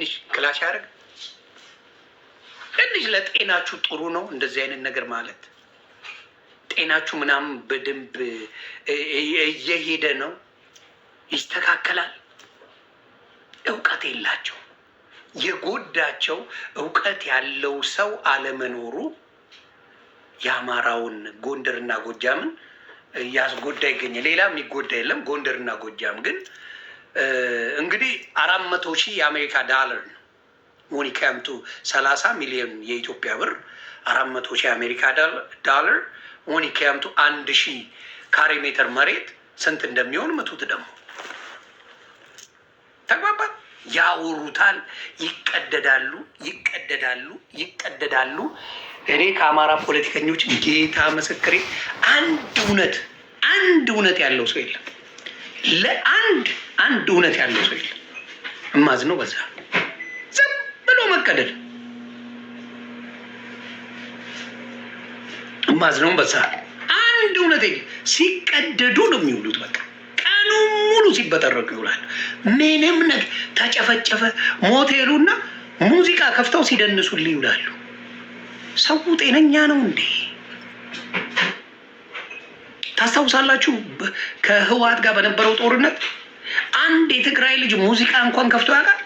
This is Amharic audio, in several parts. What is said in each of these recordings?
ትንሽ ክላሽ ያደርግ ትንሽ ለጤናችሁ ጥሩ ነው እንደዚህ አይነት ነገር ማለት ጤናችሁ ምናምን በደንብ እየሄደ ነው ይስተካከላል። እውቀት የላቸው የጎዳቸው እውቀት ያለው ሰው አለመኖሩ የአማራውን ጎንደርና ጎጃምን ያስጎዳ ይገኛል። ሌላ የሚጎዳ የለም። ጎንደርና ጎጃም ግን እንግዲህ አራት መቶ ሺህ የአሜሪካ ዳለር ነው ሞኒካምቱ ሰላሳ ሚሊዮን የኢትዮጵያ ብር አራት መቶ ሺህ የአሜሪካ ዳላር ሞኒካምቱ አንድ ሺህ ካሬ ሜትር መሬት ስንት እንደሚሆን ምቱት ደግሞ ተግባባል። ያወሩታል፣ ይቀደዳሉ፣ ይቀደዳሉ፣ ይቀደዳሉ። እኔ ከአማራ ፖለቲከኞች ጌታ ምስክሬ አንድ እውነት አንድ እውነት ያለው ሰው የለም ለአንድ አንድ እውነት ያለው ሰው የለም። እማዝ ነው በዛ ዝም ብሎ መቀደድ እማዝ ነው በዛ አንድ እውነት ሲቀደዱ ነው የሚውሉት። በቃ ሙሉ ሲበጠረቁ ይውላል። ምንም ነገ ተጨፈጨፈ፣ ሞቴሉና ሙዚቃ ከፍተው ሲደንሱልኝ ይውላሉ። ሰው ጤነኛ ነው እንዴ? ታስታውሳላችሁ ከህወሓት ጋር በነበረው ጦርነት አንድ የትግራይ ልጅ ሙዚቃ እንኳን ከፍቶ ያውቃል?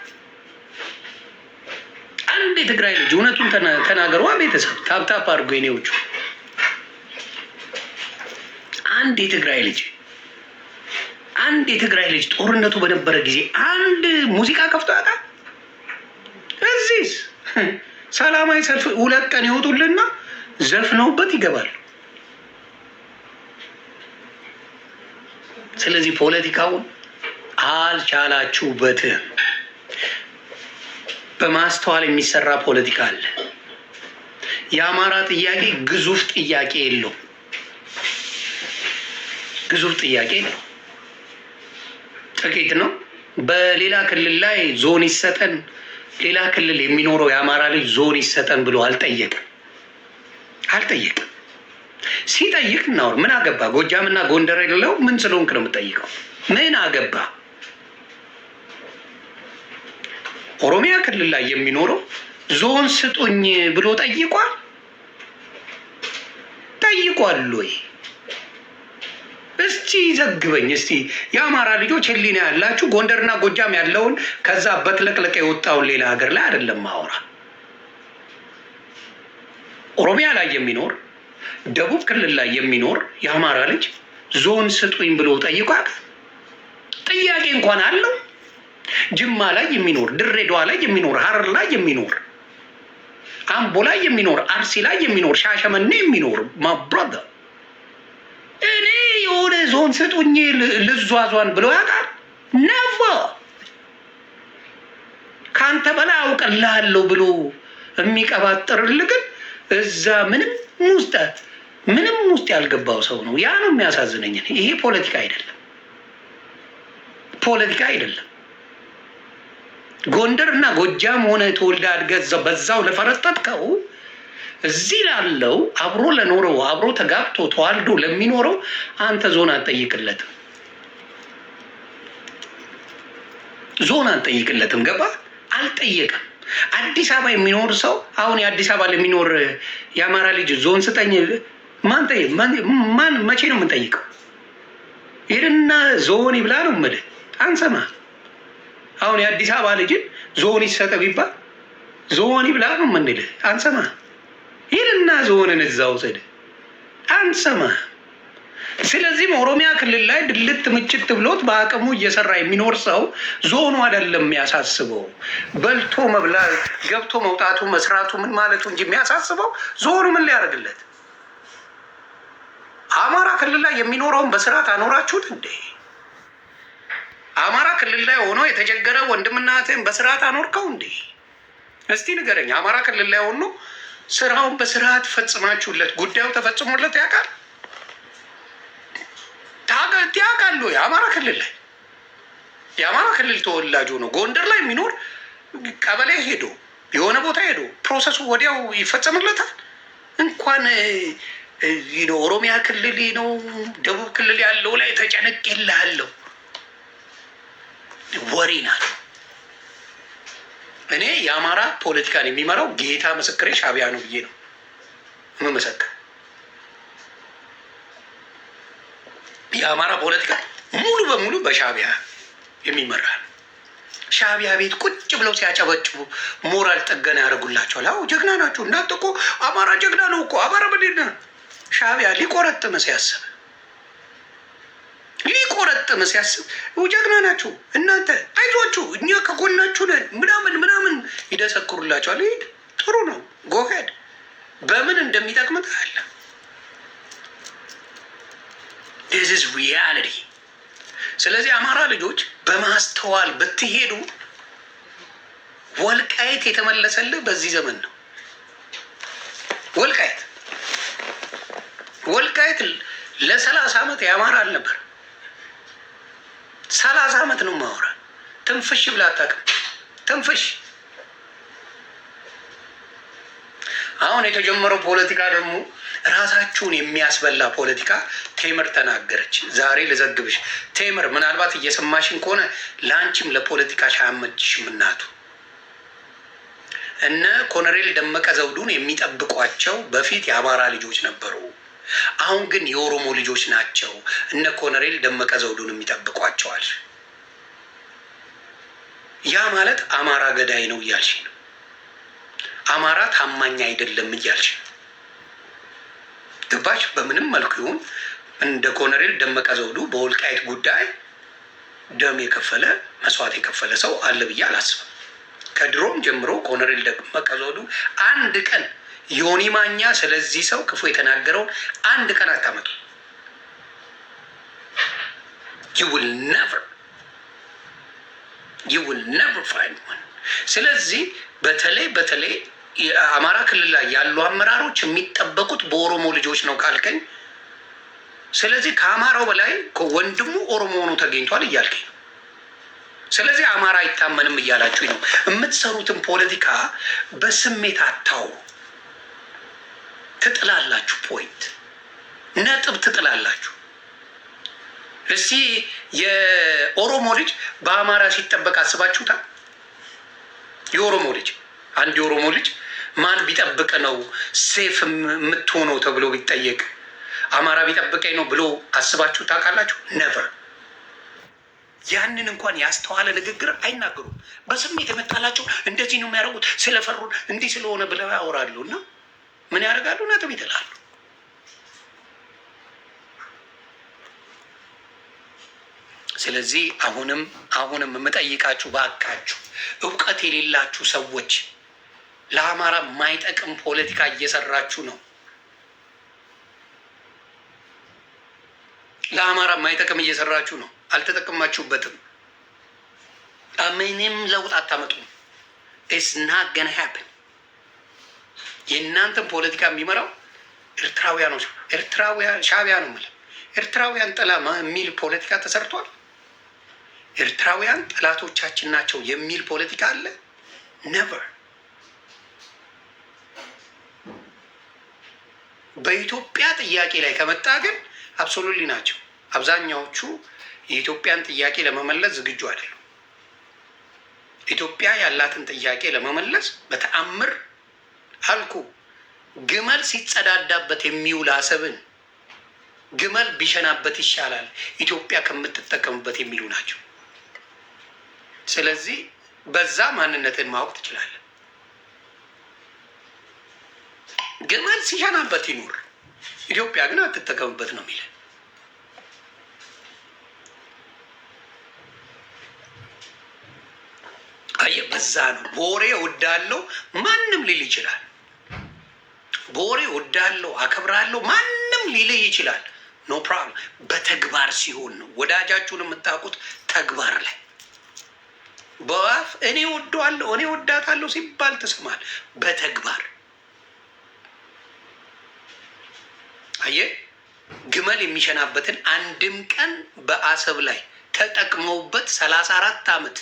አንድ የትግራይ ልጅ እውነቱን ተናገሯ። ቤተሰብ ታፕታፕ አድርጎ የኔዎቹ አንድ የትግራይ ልጅ አንድ የትግራይ ልጅ ጦርነቱ በነበረ ጊዜ አንድ ሙዚቃ ከፍቶ ያውቃል? እዚህ ሰላማዊ ሰልፍ ሁለት ቀን ይወጡልና ዘፍነውበት ይገባል። ስለዚህ ፖለቲካውን ካልቻላችሁበት በማስተዋል የሚሰራ ፖለቲካ አለ። የአማራ ጥያቄ ግዙፍ ጥያቄ የለው ግዙፍ ጥያቄ ነው፣ ጥቂት ነው። በሌላ ክልል ላይ ዞን ይሰጠን፣ ሌላ ክልል የሚኖረው የአማራ ልጅ ዞን ይሰጠን ብሎ አልጠየቅም አልጠየቅም። ሲጠይቅ እናወር ምን አገባ? ጎጃምና ጎንደር የሌለው ምን ስለሆንክ ነው የምጠይቀው? ምን አገባ? ኦሮሚያ ክልል ላይ የሚኖረው ዞን ስጡኝ ብሎ ጠይቋል ጠይቋል ወይ? እስቲ ዘግበኝ። እስቲ የአማራ ልጆች ህሊና ያላችሁ ጎንደርና ጎጃም ያለውን ከዛ በትለቅለቅ የወጣውን ሌላ ሀገር ላይ አይደለም ማወራ ኦሮሚያ ላይ የሚኖር ደቡብ ክልል ላይ የሚኖር የአማራ ልጅ ዞን ስጡኝ ብሎ ጠይቋል? ጥያቄ እንኳን አለው? ጅማ ላይ የሚኖር ድሬዳዋ ላይ የሚኖር ሀረር ላይ የሚኖር አምቦ ላይ የሚኖር አርሲ ላይ የሚኖር ሻሸመኔ የሚኖር ማብራዳ እኔ የሆነ ዞን ስጡኝ ልዟዟን ብሎ ያውቃል ነፋ ከአንተ በላይ አውቅልሃለሁ ብሎ የሚቀባጥርል ግን እዛ ምንም ውስጥ ምንም ውስጥ ያልገባው ሰው ነው። ያ ነው የሚያሳዝነኝ። ይሄ ፖለቲካ አይደለም፣ ፖለቲካ አይደለም። ጎንደር እና ጎጃም ሆነ ተወልደ አድገህ በዛው ለፈረጠጥከው እዚህ ላለው አብሮ ለኖረው አብሮ ተጋብቶ ተዋልዶ ለሚኖረው አንተ ዞን አትጠይቅለትም፣ ዞን አንጠይቅለትም። ገባ አልጠየቅም። አዲስ አበባ የሚኖር ሰው አሁን የአዲስ አበባ ለሚኖር የአማራ ልጅ ዞን ስጠኝ ማን ማን መቼ ነው የምንጠይቀው? ሄድና ዞን ይብላ ነው ምድ አንሰማ አሁን የአዲስ አበባ ልጅን ዞን ይሰጠ ቢባል ዞን ይብላ ነው የምንልህ። አንሰማ ይህንና ዞንን እዛ ውሰድ አንሰማ። ስለዚህም ኦሮሚያ ክልል ላይ ድልት ምችት ብሎት በአቅሙ እየሰራ የሚኖር ሰው ዞኑ አይደለም የሚያሳስበው፣ በልቶ መብላት ገብቶ መውጣቱ መስራቱ ምን ማለቱ እንጂ የሚያሳስበው ዞኑ ምን ሊያደርግለት። አማራ ክልል ላይ የሚኖረውን በስርዓት አኖራችሁት እንዴ? አማራ ክልል ላይ ሆኖ የተቸገረ ወንድምናትን በስርዓት አኖርከው እንዴ? እስቲ ንገረኝ። አማራ ክልል ላይ ሆኖ ስራውን በስርዓት ፈጽማችሁለት ጉዳዩ ተፈጽሞለት ያውቃል ያውቃሉ? የአማራ ክልል ላይ የአማራ ክልል ተወላጅ ሆኖ ጎንደር ላይ የሚኖር ቀበሌ ሄዶ የሆነ ቦታ ሄዶ ፕሮሰሱ ወዲያው ይፈጸምለታል። እንኳን ኦሮሚያ ክልል ነው ደቡብ ክልል ያለው ላይ ተጨነቅ ይልሃለሁ ወሬ ናት። እኔ የአማራ ፖለቲካን የሚመራው ጌታ ምስክሬ ሻቢያ ነው ብዬ ነው የምመሰክር። የአማራ ፖለቲካ ሙሉ በሙሉ በሻቢያ የሚመራ ነው። ቤት ቁጭ ብለው ሲያጨበጭቡ ሞራል ጥገና ያደርጉላቸዋል። አዎ ጀግና ናችሁ፣ እንዳንተ እኮ አማራ ጀግና ነው እኮ አማራ በዴ ሻቢያ ሊቆረጥም ሲያስብ ቆረጥም ሲያስብ ጀግና ናችሁ እናንተ አይዟችሁ፣ እኛ ከጎናችሁ ነን ምናምን ምናምን ይደሰክሩላቸዋል። ይሄድ ጥሩ ነው። ጎሄድ በምን እንደሚጠቅም ታያለ። ዚስ ሪያሊቲ። ስለዚህ አማራ ልጆች በማስተዋል ብትሄዱ ወልቃየት የተመለሰልህ በዚህ ዘመን ነው። ወልቃየት ወልቃየት ለሰላሳ ዓመት የአማራ አልነበር። ሰላሳ ዓመት ነው ማውራ ትንፍሽ ብላ አታውቅም። ትንፍሽ አሁን የተጀመረው ፖለቲካ ደግሞ ራሳችሁን የሚያስበላ ፖለቲካ። ቴምር ተናገረች ዛሬ ልዘግብሽ። ቴምር ምናልባት እየሰማሽን ከሆነ ለአንቺም ለፖለቲካ አያመችሽም እናቱ እነ ኮሎኔል ደመቀ ዘውዱን የሚጠብቋቸው በፊት የአማራ ልጆች ነበሩ። አሁን ግን የኦሮሞ ልጆች ናቸው እነ ኮነሬል ደመቀ ዘውዱን ይጠብቋቸዋል። ያ ማለት አማራ ገዳይ ነው እያልሽ ነው። አማራ ታማኝ አይደለም እያልሽ ነው። በምንም መልኩ ይሁን እንደ ኮነሬል ደመቀ ዘውዱ በወልቃይት ጉዳይ ደም የከፈለ መስዋዕት የከፈለ ሰው አለ ብዬ አላስብም። ከድሮም ጀምሮ ኮነሬል ደመቀ ዘውዱ አንድ ቀን ዮኒ ማኛ ስለዚህ ሰው ክፉ የተናገረውን አንድ ቀን አታመጡ። you will never you will never ስለዚህ በተለይ በተለይ የአማራ ክልል ላይ ያሉ አመራሮች የሚጠበቁት በኦሮሞ ልጆች ነው ካልከኝ፣ ስለዚህ ከአማራው በላይ ወንድሙ ኦሮሞ ሆኖ ተገኝቷል እያልከኝ ነው። ስለዚህ አማራ አይታመንም እያላችሁኝ ነው። የምትሰሩትን ፖለቲካ በስሜት አታው ትጥላላችሁ፣ ፖይንት ነጥብ ትጥላላችሁ። እስቲ የኦሮሞ ልጅ በአማራ ሲጠበቅ አስባችሁታል? የኦሮሞ ልጅ አንድ የኦሮሞ ልጅ ማን ቢጠብቅ ነው ሴፍ የምትሆነው ተብሎ ቢጠየቅ አማራ ቢጠብቀኝ ነው ብሎ አስባችሁ ታውቃላችሁ? ነቨር። ያንን እንኳን ያስተዋለ ንግግር አይናገሩም። በስሜት የመጣላቸው እንደዚህ ነው የሚያደርጉት፣ ስለፈሩን እንዲህ ስለሆነ ብለው ያወራሉ እና ምን ያደርጋሉ? ነጥብ ይጥላሉ። ስለዚህ አሁንም አሁንም የምጠይቃችሁ ባካችሁ እውቀት የሌላችሁ ሰዎች ለአማራ የማይጠቅም ፖለቲካ እየሰራችሁ ነው። ለአማራ የማይጠቅም እየሰራችሁ ነው። አልተጠቀማችሁበትም። ምንም ለውጥ አታመጡም። ኢትስ ናት ገና ሃፕን የእናንተን ፖለቲካ የሚመራው ኤርትራውያኖች ኤርትራውያን ሻቢያ ነው የምልህ። ኤርትራውያን ጥላ የሚል ፖለቲካ ተሰርቷል። ኤርትራውያን ጠላቶቻችን ናቸው የሚል ፖለቲካ አለ። ነቨር በኢትዮጵያ ጥያቄ ላይ ከመጣ ግን አብሶሉሊ ናቸው። አብዛኛዎቹ የኢትዮጵያን ጥያቄ ለመመለስ ዝግጁ አይደሉም። ኢትዮጵያ ያላትን ጥያቄ ለመመለስ በተአምር ሀልኩ ግመል ሲጸዳዳበት የሚውል አሰብን ግመል ቢሸናበት ይሻላል ኢትዮጵያ ከምትጠቀምበት የሚሉ ናቸው። ስለዚህ በዛ ማንነትን ማወቅ ትችላለህ። ግመል ሲሸናበት ይኑር፣ ኢትዮጵያ ግን አትጠቀምበት ነው የሚለን። አየህ፣ በዛ ነው በወሬ እወዳለሁ ማንም ሊል ይችላል። በወሬ ወዳለው አከብራለሁ ማንም ሊለይ ይችላል። ኖ ፕሮብለም። በተግባር ሲሆን ነው ወዳጃችሁን የምታውቁት ተግባር ላይ በዋፍ እኔ ወደዋለሁ እኔ ወዳታለሁ ሲባል ትሰማል። በተግባር አየ ግመል የሚሸናበትን አንድም ቀን በአሰብ ላይ ተጠቅመውበት ሰላሳ አራት አመት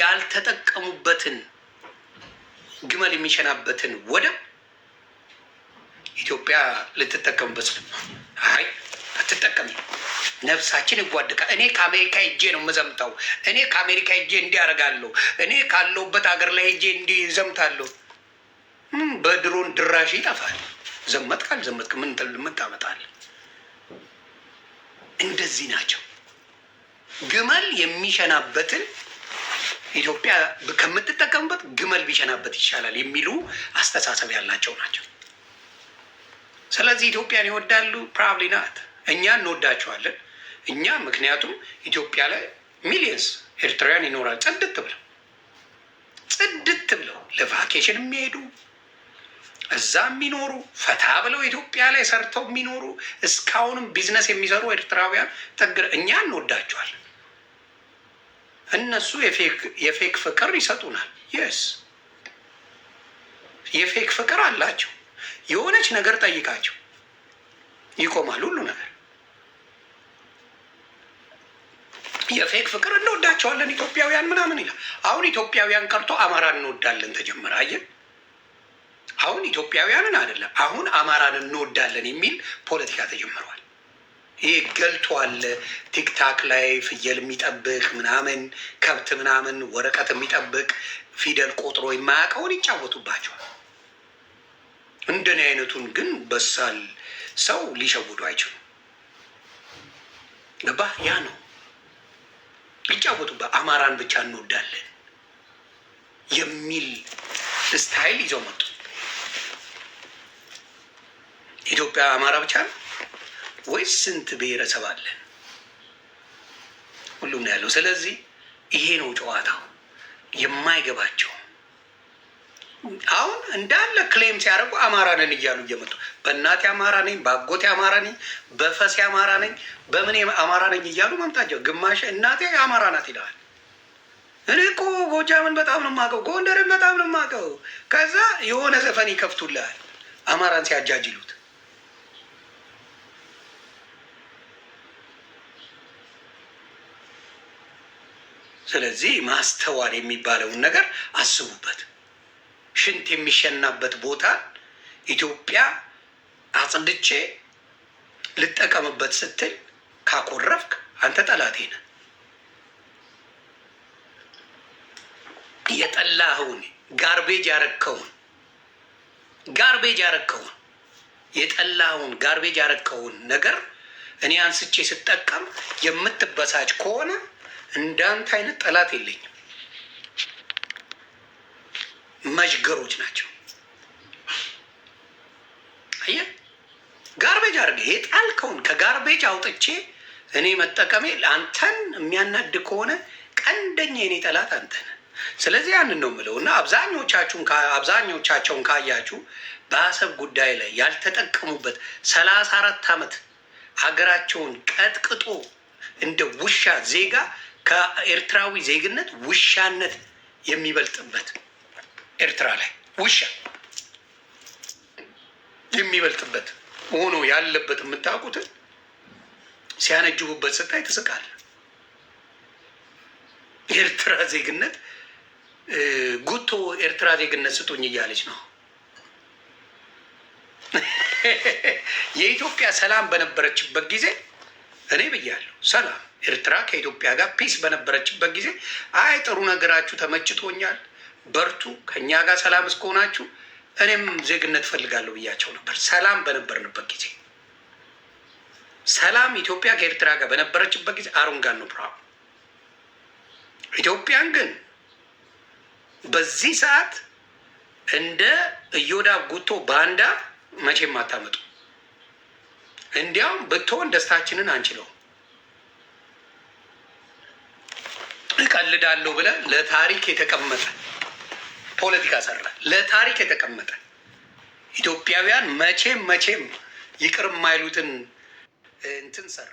ያልተጠቀሙበትን ግመል የሚሸናበትን ወደብ ኢትዮጵያ ልትጠቀምበት አይ አትጠቀም። ነፍሳችን ይጓድቃል። እኔ ከአሜሪካ ሄጄ ነው የምዘምተው። እኔ ከአሜሪካ ሄጄ እንዲያደርጋለሁ። እኔ ካለሁበት ሀገር ላይ ሄጄ ዘምታለሁ። በድሮን ድራሽ ይጠፋል። ዘመትክ አልዘመትክ ምን ታመጣለህ? እንደዚህ ናቸው። ግመል የሚሸናበትን ኢትዮጵያ ከምትጠቀምበት ግመል ቢሸናበት ይሻላል የሚሉ አስተሳሰብ ያላቸው ናቸው። ስለዚህ ኢትዮጵያን ይወዳሉ ፕራብሊ ናት። እኛ እንወዳቸዋለን። እኛ ምክንያቱም ኢትዮጵያ ላይ ሚሊየንስ ኤርትራውያን ይኖራል። ጽድት ብለው ጽድት ብለው ለቫኬሽን የሚሄዱ እዛ የሚኖሩ ፈታ ብለው ኢትዮጵያ ላይ ሰርተው የሚኖሩ እስካሁንም ቢዝነስ የሚሰሩ ኤርትራውያን ጠግር እኛ እንወዳቸዋለን። እነሱ የፌክ ፍቅር ይሰጡናል። የስ የፌክ ፍቅር አላቸው። የሆነች ነገር ጠይቃቸው ይቆማል ሁሉ ነገር። የፌክ ፍቅር እንወዳቸዋለን ኢትዮጵያውያን ምናምን ይላል። አሁን ኢትዮጵያውያን ቀርቶ አማራን እንወዳለን ተጀመረ። አየን። አሁን ኢትዮጵያውያንን አይደለም አሁን አማራን እንወዳለን የሚል ፖለቲካ ተጀምረዋል። ይህ ገልቶ አለ ቲክታክ ላይ ፍየል የሚጠብቅ ምናምን ከብት ምናምን ወረቀት የሚጠብቅ ፊደል ቆጥሮ የማያውቀውን ይጫወቱባቸዋል። እንደኔ አይነቱን ግን በሳል ሰው ሊሸውዱ አይችሉም። ገባ? ያ ነው ሊጫወቱበት። አማራን ብቻ እንወዳለን የሚል ስታይል ይዘው መጡ። ኢትዮጵያ አማራ ብቻ ነው ወይስ ስንት ብሔረሰብ አለን? ሁሉም ነው ያለው። ስለዚህ ይሄ ነው ጨዋታው የማይገባቸው አሁን እንዳለ ክሌም ሲያደርጉ አማራ ነን እያሉ እየመጡ በእናቴ አማራ ነኝ፣ በአጎቴ አማራ ነኝ፣ በፈሴ አማራ ነኝ፣ በምን አማራ ነኝ እያሉ መምጣቸው። ግማሽ እናቴ አማራ ናት ይለዋል። እኔ እኮ ጎጃምን በጣም ነው የማውቀው፣ ጎንደርን በጣም ነው የማውቀው። ከዛ የሆነ ዘፈን ይከፍቱልሃል አማራን ሲያጃጅሉት። ስለዚህ ማስተዋል የሚባለውን ነገር አስቡበት። ሽንት የሚሸናበት ቦታ ኢትዮጵያ አጽድቼ ልጠቀምበት ስትል ካኮረፍክ አንተ ጠላቴ ነህ። የጠላኸውን ጋርቤጅ ያረከውን ጋርቤጅ ያረከውን የጠላኸውን ጋርቤጅ ያረከውን ነገር እኔ አንስቼ ስጠቀም የምትበሳጭ ከሆነ እንዳንተ አይነት ጠላት የለኝም። መጅገሮች ናቸው። አየህ ጋርቤጅ አድርጌ የጣልከውን ከጋርቤጅ አውጥቼ እኔ መጠቀሜ አንተን የሚያናድ ከሆነ ቀንደኛ የኔ ጠላት አንተ ስለዚህ ያንን ነው የምለው እና አብዛኞቻችሁን አብዛኞቻቸውን ካያችሁ በአሰብ ጉዳይ ላይ ያልተጠቀሙበት ሰላሳ አራት ዓመት ሀገራቸውን ቀጥቅጦ እንደ ውሻ ዜጋ ከኤርትራዊ ዜግነት ውሻነት የሚበልጥበት ኤርትራ ላይ ውሻ የሚበልጥበት ሆኖ ያለበት የምታውቁትን ሲያነጅቡበት ስታይ ትስቃል። ኤርትራ ዜግነት ጉቶ ኤርትራ ዜግነት ስጡኝ እያለች ነው። የኢትዮጵያ ሰላም በነበረችበት ጊዜ እኔ ብያለሁ፣ ሰላም ኤርትራ ከኢትዮጵያ ጋር ፒስ በነበረችበት ጊዜ አይ ጥሩ ነገራችሁ ተመችቶኛል በርቱ፣ ከእኛ ጋር ሰላም እስከሆናችሁ እኔም ዜግነት ፈልጋለሁ ብያቸው ነበር። ሰላም በነበርንበት ጊዜ ሰላም ኢትዮጵያ ከኤርትራ ጋር በነበረችበት ጊዜ አሩንጋን ነው ብርሃኑ። ኢትዮጵያን ግን በዚህ ሰዓት እንደ እዮዳ ጉቶ ባንዳ መቼም አታመጡ። እንዲያውም ብትሆን ደስታችንን አንችለው እቀልዳለሁ ብለን ለታሪክ የተቀመጠ ፖለቲካ ሰራ፣ ለታሪክ የተቀመጠ ኢትዮጵያውያን መቼም መቼም ይቅር የማይሉትን እንትን ሰራ።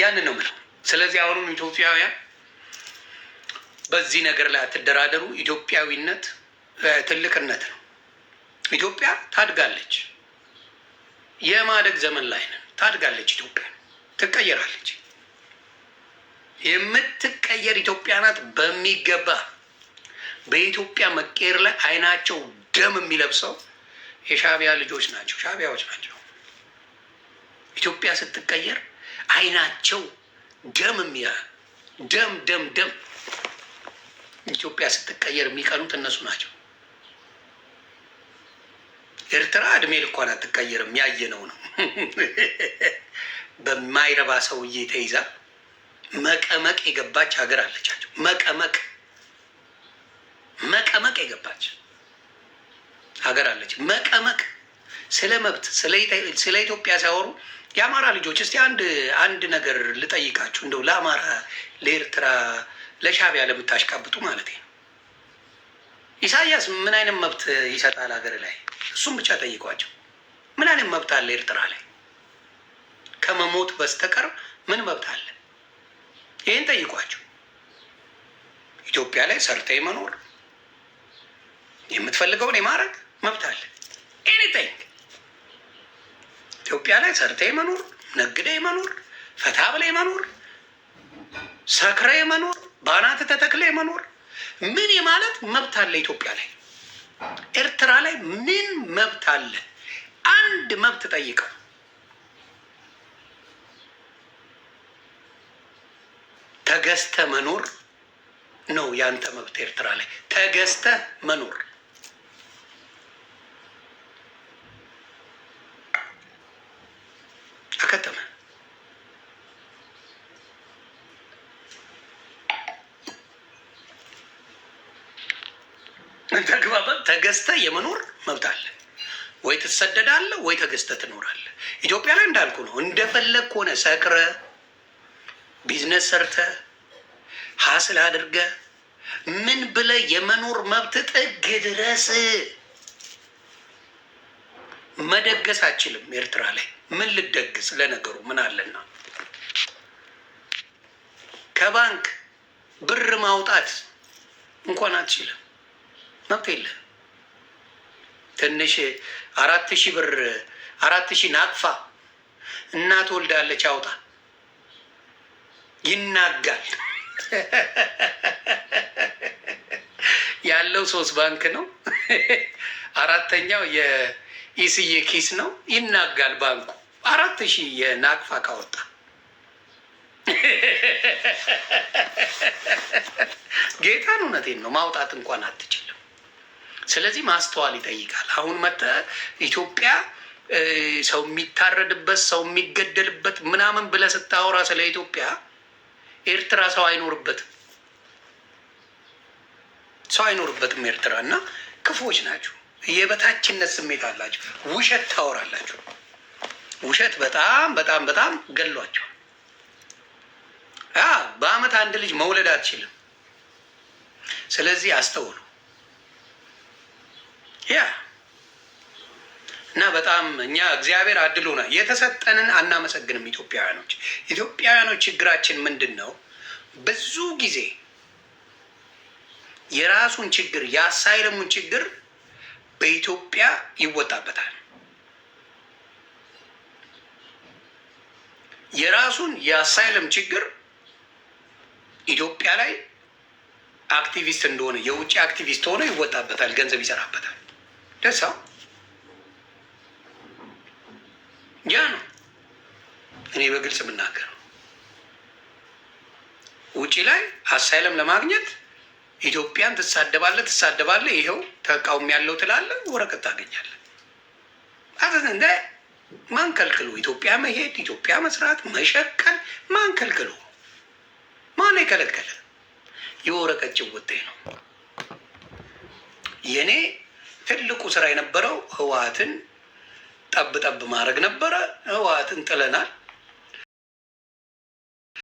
ያንን ነው ምለው። ስለዚህ አሁንም ኢትዮጵያውያን በዚህ ነገር ላይ አትደራደሩ። ኢትዮጵያዊነት ትልቅነት ነው። ኢትዮጵያ ታድጋለች። የማደግ ዘመን ላይ ነን። ታድጋለች። ኢትዮጵያ ትቀየራለች። የምትቀየር ኢትዮጵያ ናት በሚገባ በኢትዮጵያ መቀየር ላይ አይናቸው ደም የሚለብሰው የሻቢያ ልጆች ናቸው፣ ሻቢያዎች ናቸው። ኢትዮጵያ ስትቀየር አይናቸው ደም የሚያ ደም ደም ደም ኢትዮጵያ ስትቀየር የሚቀኑት እነሱ ናቸው። ኤርትራ እድሜ ልኳን አትቀየርም፣ ያየነው ነው። በማይረባ ሰውዬ ተይዛ መቀመቅ የገባች ሀገር አለቻቸው። መቀመቅ መቀመቅ የገባች ሀገር አለች። መቀመቅ ስለ መብት ስለ ኢትዮጵያ ሲያወሩ የአማራ ልጆች እስቲ አንድ አንድ ነገር ልጠይቃችሁ፣ እንደው ለአማራ፣ ለኤርትራ፣ ለሻቢያ ለምታሽቃብጡ ማለት ነው። ኢሳያስ ምን አይነት መብት ይሰጣል ሀገር ላይ? እሱም ብቻ ጠይቋቸው። ምን አይነት መብት አለ ኤርትራ ላይ ከመሞት በስተቀር ምን መብት አለ? ይህን ጠይቋቸው። ኢትዮጵያ ላይ ሰርተ መኖር የምትፈልገውን የማድረግ መብት አለ። ኤኒቲንግ ኢትዮጵያ ላይ ሰርተ መኖር፣ ነግደ መኖር፣ ፈታ ብለ መኖር፣ ሰክረ መኖር፣ ባናት ተተክለ መኖር ምን የማለት መብት አለ ኢትዮጵያ ላይ። ኤርትራ ላይ ምን መብት አለ? አንድ መብት ጠይቀው ተገዝተ መኖር ነው ያንተ መብት። ኤርትራ ላይ ተገዝተ መኖር አከተመ። ተግባባ። ተገዝተ የመኖር መብት አለ። ወይ ትሰደዳለህ፣ ወይ ተገዝተ ትኖራለህ። ኢትዮጵያ ላይ እንዳልኩ ነው። እንደፈለግ ከሆነ ሰክረ ቢዝነስ ሰርተ ሀስል አድርገ ምን ብለ የመኖር መብት ጥግ ድረስ መደገስ አችልም። ኤርትራ ላይ ምን ልደግስ? ለነገሩ ምን አለና ከባንክ ብር ማውጣት እንኳን አትችልም፣ መብት የለ ትንሽ አራት ሺህ ብር አራት ሺህ ናቅፋ እናት ወልዳለች አውጣ ይናጋል። ያለው ሶስት ባንክ ነው። አራተኛው የኢስዬ ኪስ ነው። ይናጋል ባንኩ አራት ሺህ የናቅፋ ካወጣ ጌታን እውነቴን ነው ማውጣት እንኳን አትችልም። ስለዚህ ማስተዋል ይጠይቃል። አሁን መጠ ኢትዮጵያ ሰው የሚታረድበት ሰው የሚገደልበት ምናምን ብለህ ስታወራ ስለ ኢትዮጵያ ኤርትራ ሰው አይኖርበትም፣ ሰው አይኖርበትም ኤርትራ እና ክፉዎች ናቸው። የበታችነት ስሜት አላቸው። ውሸት ታወራላቸው። ውሸት በጣም በጣም በጣም ገሏቸው። በአመት አንድ ልጅ መውለድ አትችልም። ስለዚህ አስተውሉ ያ እና በጣም እኛ እግዚአብሔር አድሎና የተሰጠንን አናመሰግንም። ኢትዮጵያውያኖች ኢትዮጵያውያኖች ችግራችን ምንድን ነው? ብዙ ጊዜ የራሱን ችግር የአሳይለሙን ችግር በኢትዮጵያ ይወጣበታል። የራሱን የአሳይለም ችግር ኢትዮጵያ ላይ አክቲቪስት እንደሆነ የውጭ አክቲቪስት ሆኖ ይወጣበታል፣ ገንዘብ ይሰራበታል ደሳው ያ ነው እኔ በግልጽ የምናገረው። ውጪ ላይ አሳይለም ለማግኘት ኢትዮጵያን ትሳደባለ ትሳደባለ ይኸው ተቃውሞ ያለው ትላለ ወረቀት ታገኛለህ። እንደ ማንከልክሉ ኢትዮጵያ መሄድ ኢትዮጵያ መስራት መሸቀል ማንከልክሉ ማን የከለከለ? የወረቀት ጭውጤ ነው። የእኔ ትልቁ ስራ የነበረው ህወሓትን ጠብ ጠብ ማድረግ ነበረ። ህወሓትን ጥለናል